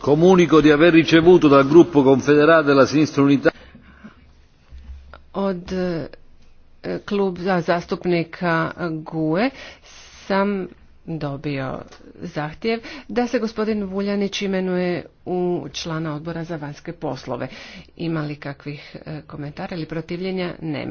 Comunico di aver ricevuto dal gruppo confederato della sinistra unità od eh, klub za zastupnika GUE sam dobio zahtjev da se gospodin Vuljanić imenuje u člana odbora za vanjske poslove. Ima li kakvih eh, komentara ili protivljenja? Nema.